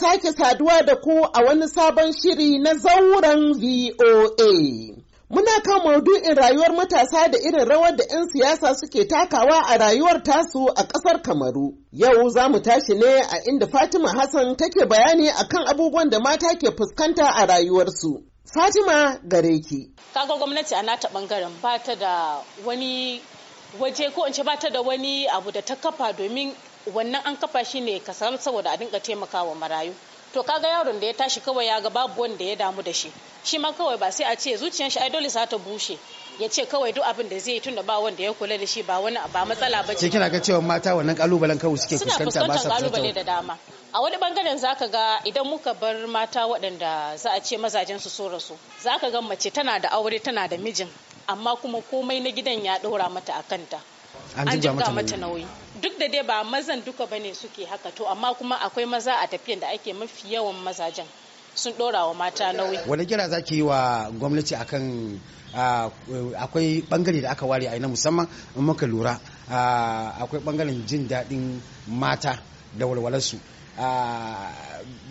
sake saduwa da ku a wani sabon shiri na zauren VOA. Muna kan maudu'in rayuwar matasa da irin rawar da 'yan siyasa suke takawa a rayuwar tasu a ƙasar Kamaru. Yau za mu tashi ne a inda Fatima Hassan take bayani a kan abubuwan da mata ke fuskanta a rayuwarsu. Fatima gare ki. Kaga gwamnati a nata bangaren ba ta da wani waje ko in ba ta da wani abu da ta kafa domin wannan an kafa shi ne kasar saboda a dinga taimakawa marayu to kaga yaron da ya tashi kawai ya ga babu wanda ya damu da shi shi ma kawai ba sai a ce zuciyar shi ai dole za ta bushe ya ce kawai duk abin da zai yi tunda ba wanda ya kula da shi ba wani ba matsala ba ce kina ga cewa mata wannan kalubalen kawai suke fuskanta ba sa kalubale da dama a wani bangaren zaka ga idan muka bar mata waɗanda za a ce mazajen su so rasu zaka ga mace tana da aure tana da mijin amma kuma komai na gidan ya ɗora mata a kanta an jinga mata nauyi duk da dai ba mazan duka ba ne suke haka to amma kuma akwai maza a tafiyan da ake mafi yawan mazajen sun dora wa mata nauyi wani kira zaki yi wa gwamnati akan akwai bangare da aka ware a na musamman in muka lura akwai bangaren jin daɗin mata da walwalarsu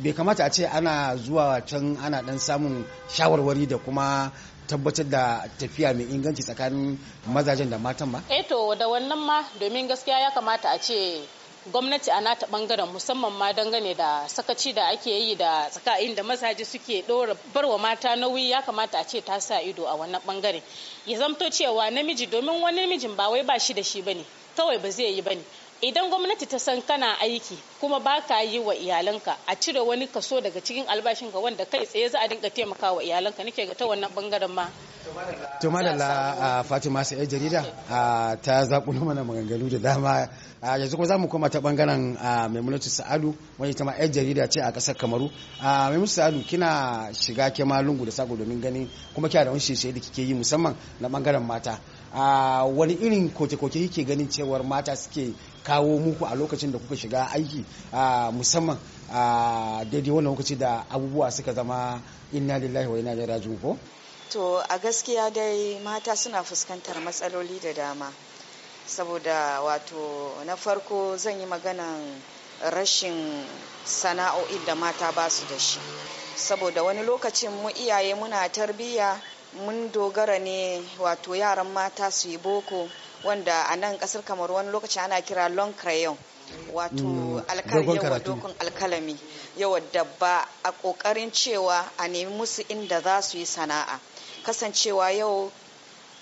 bai kamata a ce ana zuwa can ana dan samun shawarwari da kuma tabbatar da tafiya mai inganci tsakanin mazajen da matan ba? Eto eh da wannan ma domin gaskiya ya kamata a ce gwamnati a nata bangaren musamman ma dangane da sakaci da ake yi da tsakain da mazaje suke dora barwa mata nauyi ya kamata a ce ta sa ido a wannan bangare ya zamto cewa namiji domin wani namijin ba wai ba shi da shi bane kawai ba zai yi bane idan gwamnati ta san kana aiki kuma ba ka yi wa iyalanka a cire wani kaso daga cikin albashinka wanda kai tsaye za a dinga taimaka wa iyalanka nake ga ta wannan bangaren ma to a fatima sai jarida ta na mana maganganu da dama yanzu kuma za mu koma ta bangaren maimunatu sa'adu wani ta ma yar jarida ce a kasar kamaru maimunatu sa'adu kina shiga kema lungu da sako domin ganin kuma kya da wani shirye da kike yi musamman na bangaren mata a wani irin koke-koke yake ganin cewar mata suke kawo muku a lokacin da kuka shiga aiki musamman a daidai wannan lokaci da abubuwa suka zama inna lillahi wa inna ilaihi raji'un ko to a gaskiya dai mata suna fuskantar matsaloli da dama saboda wato na farko zan yi maganan rashin sana'o'i da mata ba su da shi saboda wani lokacin mu iyaye muna tarbiyya mun dogara ne wato yaran mata su yi boko wanda a nan kasar kamar wani lokaci ana kira long crayon wato hmm. dokun alkalami yawa dabba a kokarin cewa a nemi musu inda za su yi sana'a kasancewa yau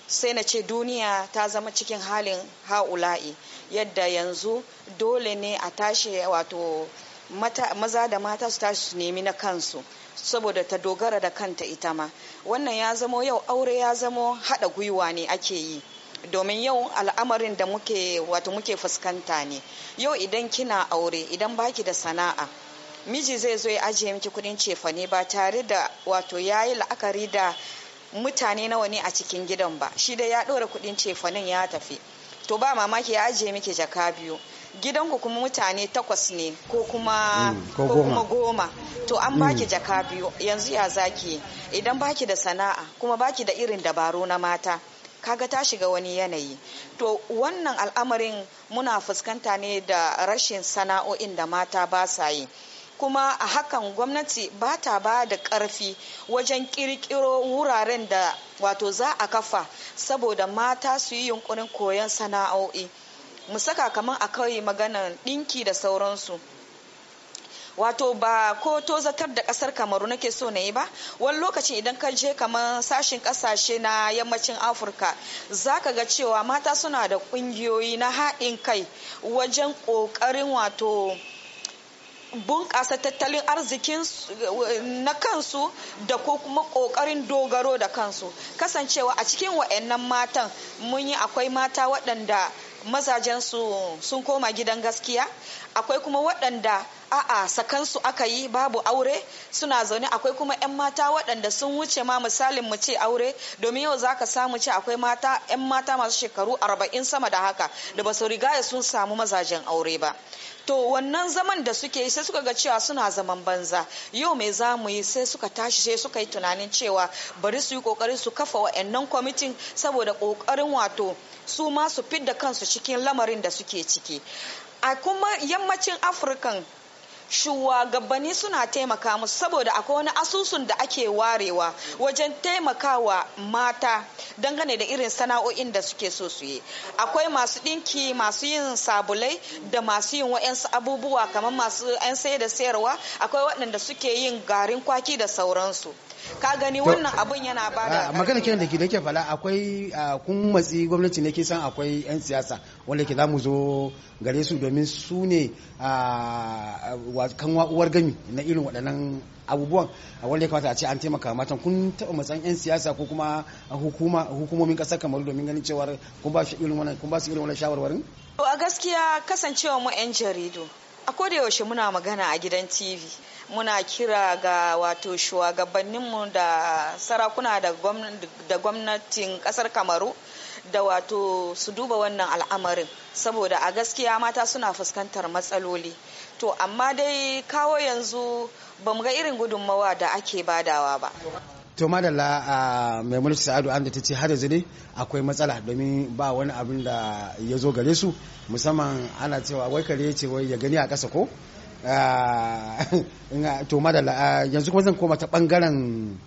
sai na ce duniya ta zama cikin halin ha'ula'i yadda yanzu dole ne a tashi wato maza da mata su tashi su nemi na kansu saboda ta dogara da kanta ita ma wannan ya zamo yau aure ya zamo hada gwiwa ne ake yi domin yau al'amarin da muke wato muke fuskanta ne yau idan kina aure idan baki da sana'a miji zai zo ya ajiye miki kudin cefane ba tare da wato ya yi la'akari da mutane nawa ne a cikin gidan ba shi dai ya ɗora kudin cefanen ya tafi to ba mamaki ya ajiye miki jaka biyu gidanku kuma mutane takwas ne ko kuma mm, goma to an mm. baki jaka biyu yanzu ya zaki idan baki da sana'a kuma baki da irin dabaru na mata kaga ta shiga wani yanayi to wannan al'amarin muna fuskanta ne da rashin sana'o'in da mata ba sa yi kuma a hakan gwamnati ba ta ba da ƙarfi wajen kirkiro wuraren da wato za a kafa saboda mata su yi yunkurin koyon sana'o'i mu saka kamar a kawai maganan ɗinki da sauransu wato ba ko to zatar da kasar kamaru nake so na yi ba wani lokacin idan ka je kamar sashin kasashe na yammacin afirka za ka ga cewa mata suna da ƙungiyoyi na haɗin kai wajen ƙoƙarin wato bunƙasa tattalin arzikin na kansu da ko kuma ƙoƙarin dogaro da kansu kasancewa a cikin wa'annan matan mun yi akwai mata waɗanda mazajen su sun koma gidan gaskiya akwai kuma waɗanda a'a sakansu aka yi babu aure suna zaune akwai kuma 'yan mata waɗanda sun wuce ma misalin mu ce aure domin yau za zaka samu ce akwai mata 'yan mata masu shekaru arba'in sama da haka da ba su rigaya sun samu mazajen aure ba to wannan zaman da suke yi sai suka ga cewa suna zaman banza yau mai za mu yi sai suka tashi sai suka yi tunanin cewa bari su yi kokari su kafa wa wa'annan kwamitin saboda kokarin wato su ma su fidda kansu cikin lamarin da suke ciki a kuma yammacin afirkan shugabanni suna taimaka musu saboda akwai wani asusun da ake warewa wajen taimakawa mata dangane da irin sana'o'in da suke so su yi akwai masu ɗinki masu yin sabulai da masu yin wa'yansu abubuwa kamar masu 'yan sayar da sayarwa akwai waɗanda suke yin garin kwaki da sauransu ka gani wannan abun yana bada magana kenan da ke nake fala akwai kun matsi gwamnati ne ke san akwai yan siyasa wanda ke zamu zo gare su domin su ne kan uwar gami na irin waɗannan abubuwan wanda ya kamata a ce an taimaka matan kun taɓa matsan yan siyasa ko kuma hukumomin ƙasar kamar domin ganin cewar kun ba su irin wannan shawarwarin a gaskiya kasancewa mu yan jaridu a yaushe muna magana a gidan tv muna kira ga wato shugabanninmu da sarakuna da gwamnatin kasar kamaru da wato su duba wannan al'amarin saboda a gaskiya mata suna fuskantar matsaloli to amma dai kawo yanzu ba mu ga irin gudunmawa da ake badawa ba to madalla a mai mulki sa'adu an da ta ce har yanzu ne akwai matsala domin ba wani abin da ya zo gare su musamman ana cewa wai kare ya ce wai ya gani a ƙasa ko to madalla yanzu kuma zan koma ta bangaren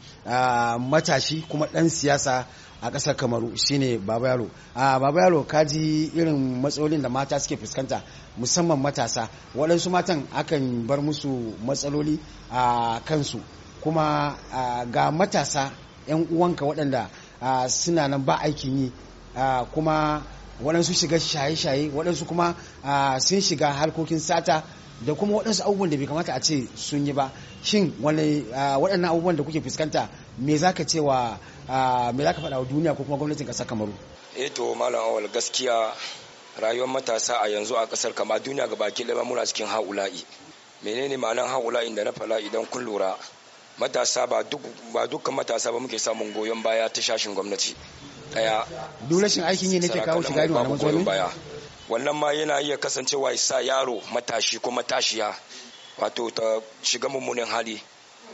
matashi kuma ɗan siyasa a ƙasar kamaru shine baba yaro baba yaro kaji irin matsalolin da mata suke fuskanta musamman matasa waɗansu matan akan bar musu matsaloli a kansu kuma ga matasa 'yan uwanka waɗanda suna nan ba aikin yi kuma waɗansu shiga shaye-shaye waɗansu kuma sun shiga harkokin sata da kuma waɗansu abubuwan da bai kamata a ce sun yi ba shin waɗannan abubuwan da kuke fuskanta me za ka cewa me za ka faɗa wa duniya ko kuma gwamnatin ƙasar kamaru eh to malam awal gaskiya rayuwar matasa a yanzu a ƙasar kama duniya ga baki ɗaya muna cikin haula'i menene ma'anar la'i da na fala idan kun lura matasa ba dukkan matasa ba muke samun goyon baya ta shashin gwamnati daya duk aikin yi ne ke kawo shiga irin wannan goyon baya wannan ma yana iya kasancewa sa yaro matashi ko matashiya wato ta shiga mummunan hali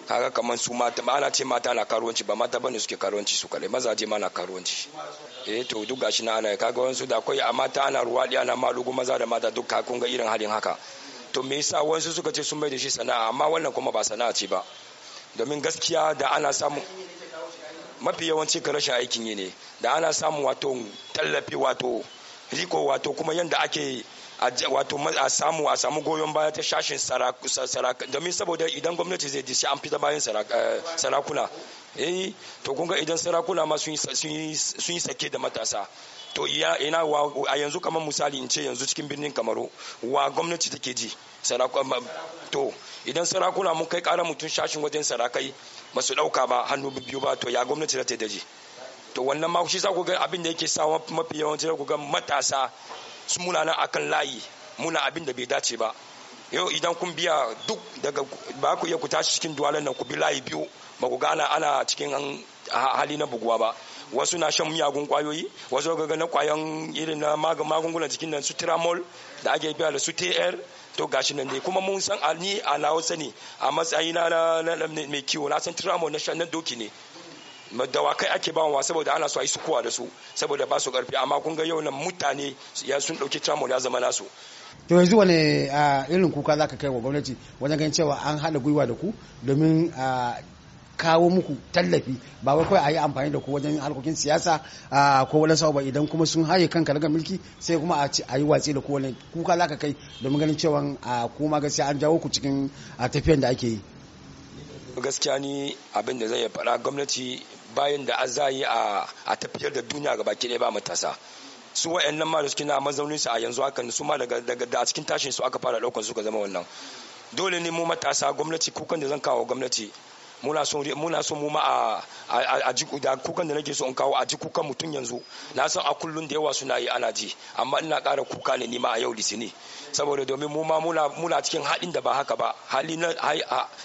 kaga kamar su mata ba ana ce mata na karuwanci ba mata bane suke karuwanci su kadai mazaje ma na karuwanci eh to duk gashi na ana kaga wasu da akwai a mata ana ruwaɗi ana malugu maza da mata duk ka kun ga irin halin haka to me yasa wasu suka ce sun mai da shi sana'a amma wannan kuma ba sana'a ce ba domin gaskiya da ana samu mafi yawanci ka rashin aikin yi ne da ana samun wato tallafi wato riko wato kuma yadda ake wato a samu a samu goyon baya ta shashin saraka domin saboda idan gwamnati zai disi an fita bayan eh, sarakuna eh to kun ga idan sarakuna ma sun yi sake da matasa to ina wa a yanzu kamar misali in ce yanzu cikin birnin kamaru wa gwamnati take ji to idan sarakuna mun kai kara mutum shashin wajen sarakai ba su dauka ba hannu biyu ba to ya gwamnati za ta ji to wannan ma shi za ku ga abin da yake sa mafi yawanci ku ga matasa su muna nan akan layi muna abin da bai dace ba yau idan kun biya duk daga ba ku iya ku tashi cikin duwalan nan ku bi layi biyu ba ku gana ana cikin hali na buguwa ba wasu na shan miyagun kwayoyi wasu ga na kwayan irin na magungunan jikin nan su tramol da ake biya da su tr to gashi nan ne kuma mun san ni a nawa sani a matsayi na mai kiwo na san tramol na shan doki ne kai ake ba wa saboda ana so a yi sukuwa da su saboda ba su karfi amma kun ga yau nan mutane ya sun dauki tramol ya zama nasu to yanzu wane irin kuka za ka kai wa gwamnati wajen ganin cewa an haɗa gwiwa da ku domin kawo muku tallafi ba wai kawai a yi amfani da ku wajen harkokin siyasa ko wani ba idan kuma sun haye kan daga mulki sai kuma a yi watsi da kowane kuka za ka kai domin ganin cewa kuma gaskiya an jawo ku cikin tafiyan da ake yi gaskiya ni abin da zai fara gwamnati bayan da an zayi a tafiyar da duniya ga baki ɗaya ba matasa su wa'annan ma da suke na mazaunin su a yanzu haka su ma daga a cikin tashin su aka fara ɗaukar su ka zama wannan dole ne mu matasa gwamnati kukan da zan kawo gwamnati muna son muna son mu ma a ji da kukan da nake so in kawo a ji kukan mutum yanzu na san a kullun da yawa suna yi ana ji amma ina ƙara kuka ne ma a yau litini saboda domin mu ma muna muna cikin haɗin da ba haka ba hali na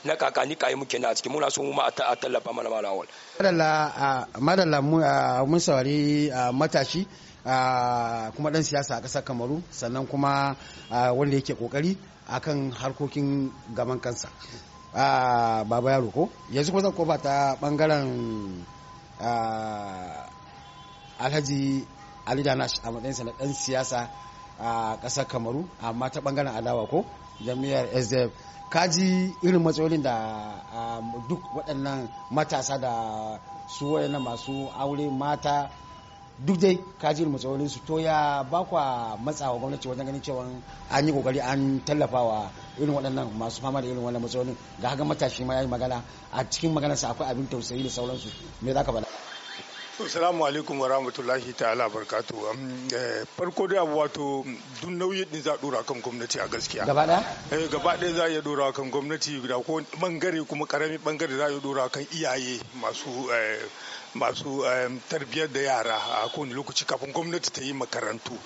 na kakani kai muke na cikin muna son mu ma a tallafa mana malawal madalla madalla mun sawari matashi kuma dan siyasa a ƙasar kamaru sannan kuma wanda yake kokari akan harkokin gaban kansa a baba yaro ko yanzu kuma zan kofa ta bangaren alhaji ali danash a matsayinsa na dan siyasa a kasar kamaru amma ta bangaren adawa ko jami'ar sdf kaji irin matsalolin da duk waɗannan matasa da su na masu aure mata duk dai kajin matsalolin su to ya ba kwa matsawa gwamnati wajen ganin cewa an yi kokari an tallafa wa irin waɗannan masu fama da irin wannan matsalolin ga haka matashi ma ya yi magana a cikin maganarsa akwai abin tausayi da sauransu me za ka faɗa Assalamu alaikum wa rahmatullahi ta'ala barkatu. Um, eh, farko da wato duk nauyi din za a dora kan gwamnati a gaskiya. Gaba gabaɗaya eh, Gaba za a dora kan gwamnati da ko bangare kuma karami bangare za a dora kan iyaye masu eh, masu tarbiyyar da yara a kowane lokaci kafin gwamnati ta yi makarantu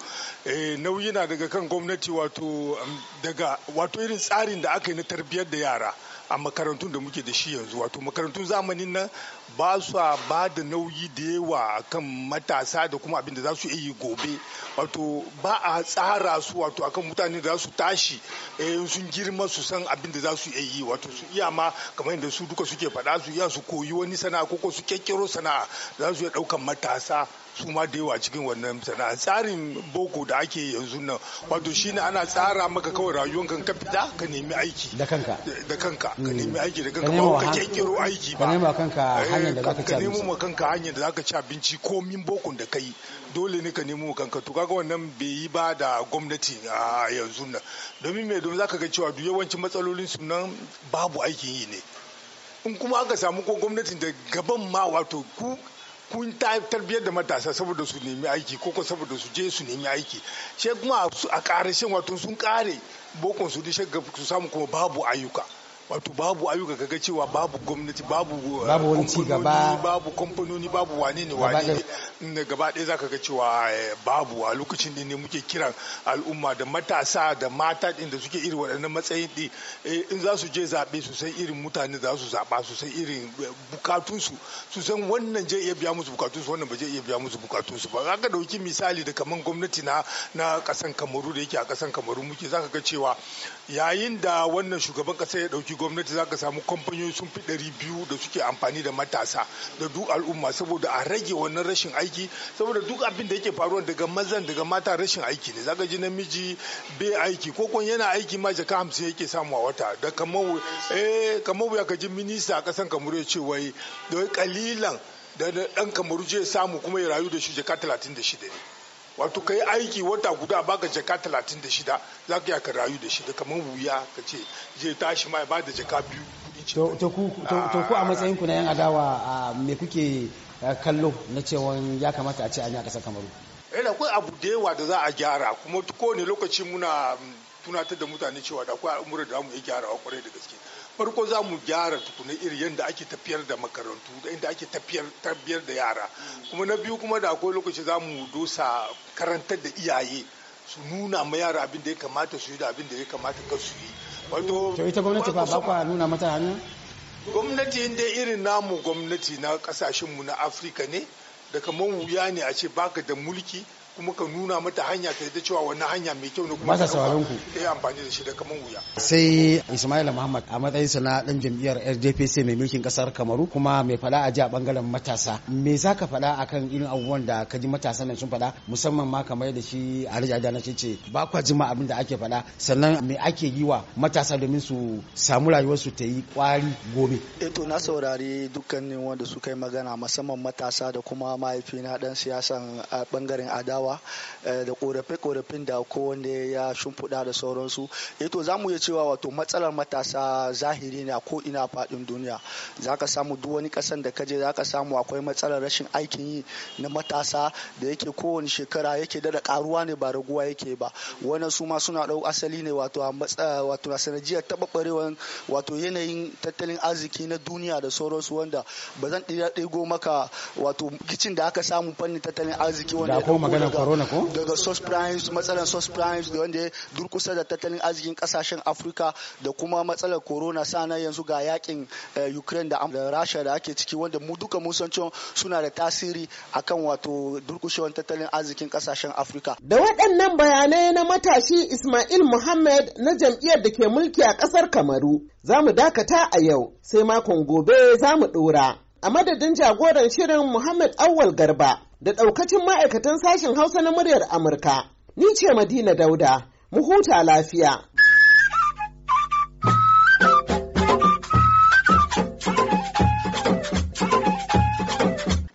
nauyi na daga kan gwamnati wato um, daga wato irin tsarin da aka yi na tarbiyyar da yara a makarantun da muke da shi yanzu wato makarantun zamanin nan ba su ba da nauyi da yawa kan matasa da kuma abin da za su yi gobe wato ba a tsara su wato akan mutane da za su tashi eh, sun girma su san abin da za su yi wato su iya ma kamar yadda su duka suke faɗa su iya su koyi wani sana'a ko su kekero sana'a za su iya ɗaukan matasa su ma da yawa cikin wannan sana'a tsarin boko da ake yanzu nan wato shi ne ana tsara maka kawai rayuwar kan fita ka nemi aiki da kanka da kanka ka hmm. nemi aiki da kanka ba ka kirkiro aiki ba ka nemi eh, kanka hanyar da zaka ci abinci ka nemi kanka hanyar da zaka ci abinci min bokon da kai dole ne ka nemi kanka to kaga wannan bai yi ba da gwamnati a yanzu nan domin me domin zaka ga cewa yawancin matsalolin su nan babu aikin yi ne in kuma aka samu ko gwamnatin da gaban ma wato ku kun tarbiyyar da matasa saboda su nemi aiki ko saboda su je su nemi aiki sai kuma a ƙarashin wato sun ƙare bokon su dishe su samu kuma babu ayyuka wato babu ayyuka kaga cewa babu gwamnati babu uh, babu wani gaba babu kamfanoni babu wane ne wane ne gaba ɗaya zaka ga cewa eh, babu a lokacin din ne muke kiran al'umma da matasa da mata din da suke irin waɗannan matsayin din eh, in za su je zaɓe su san irin mutane za su zaɓa su san irin eh, bukatunsu su san wannan je iya biya musu bukatunsu wannan ba je iya biya musu bukatunsu ba za ka dauki misali da kaman gwamnati na na kasan kamaru da yake a kasan kamaru muke za ka ga cewa yayin da wannan shugaban kasa ya dauki gwamnati za ka samu kamfanoni sun fi ɗari biyu da suke amfani da matasa da duk al'umma saboda a rage wannan rashin aiki saboda duk abin da yake faruwa daga mazan daga mata rashin aiki ne zaka ji namiji bai aiki ko kun yana aiki ma jaka hamsin yake samu a wata da kamar eh ka ji kaji minista a kasan kamar ya ce wai da wai kalilan da ɗan kamaru je samu kuma ya rayu da shi jaka talatin da shida ne wato ka yi aiki wata guda baka jaka talatin da shida za ka ka rayu da shida kamar wuya ka ce zai tashi ma ba da jaka biyu to ku a matsayinku na yan adawa me kuke kallo na cewon ya kamata a ce an yi a ƙasar kamaru yana eh, akwai abu da yawa da za a gyara kuma kowane lokaci muna mm, tunatar da mutane cewa da akwai al'umura da za mu iya a kwarai da gaske farko za mu gyara tukuna iri yadda ake tafiyar da makarantu da inda ake tafiyar da yara kuma na biyu kuma da akwai lokaci za mu dosa karantar da iyaye su nuna ma yara abin da ya kamata su yi da abin da ya kamata ka su yi wato to ita gwamnati ba ba kwa nuna mata hannu gwamnati inda irin namu gwamnati na kasashen mu na Afirka ne da kamar wuya ne a ce baka da mulki kuma ka nuna mata hanya ta yadda cewa wannan hanya mai kyau ne kuma Ka ku yi amfani da shi da kaman wuya sai Ismail Muhammad a matsayin sa na dan jam'iyyar RJPC mai mulkin kasar Kamaru kuma mai fada a ji a bangaren matasa me zaka fada kan irin abubuwan da ka ji matasa nan sun fada musamman ma kamar da shi Alhaji na ce ce ba kwa jima abin da ake fada sannan me ake yi wa matasa domin su samu rayuwar su ta yi kwari gobe eh to na saurari dukkanin wanda suka yi magana musamman matasa da kuma mahaifina dan siyasan a bangaren adawa tattaunawa eh, da korafe-korafin da kowanne ya shimfiɗa da sauransu eh, to za mu iya cewa wato matsalar matasa zahiri ne a ko ina faɗin duniya za ka samu duk wani ƙasan da kaje za ka samu akwai matsalar rashin aikin yi na matasa da yake kowane shekara yake dada karuwa ne ba raguwa yake ba wannan su ma suna ɗau asali ne wato a wato na sanajiyar taɓaɓɓarewar wato yanayin tattalin arziki na duniya da sauransu wanda ba zan ɗigo maka wato kicin da aka samu fannin tattalin arziki wanda ya corona ko daga source primes matsalar source primes da wanda ya durkusa da tattalin arzikin kasashen afirka da kuma matsalar corona sana yanzu ga yakin eh, ukraine da rasha da ake ciki wanda mu duka mun san cewa suna da tasiri akan wato durkushewar tattalin arzikin kasashen Afrika. da waɗannan bayanai na matashi ismail muhammad na jam'iyyar da ke mulki a ƙasar kamaru za mu dakata a yau sai makon gobe za mu ɗora a madadin jagoran shirin muhammad awwal garba da ɗaukacin ma'aikatan sashen Hausa na muryar Amurka. Ni ce Madina Dauda, mu huta lafiya.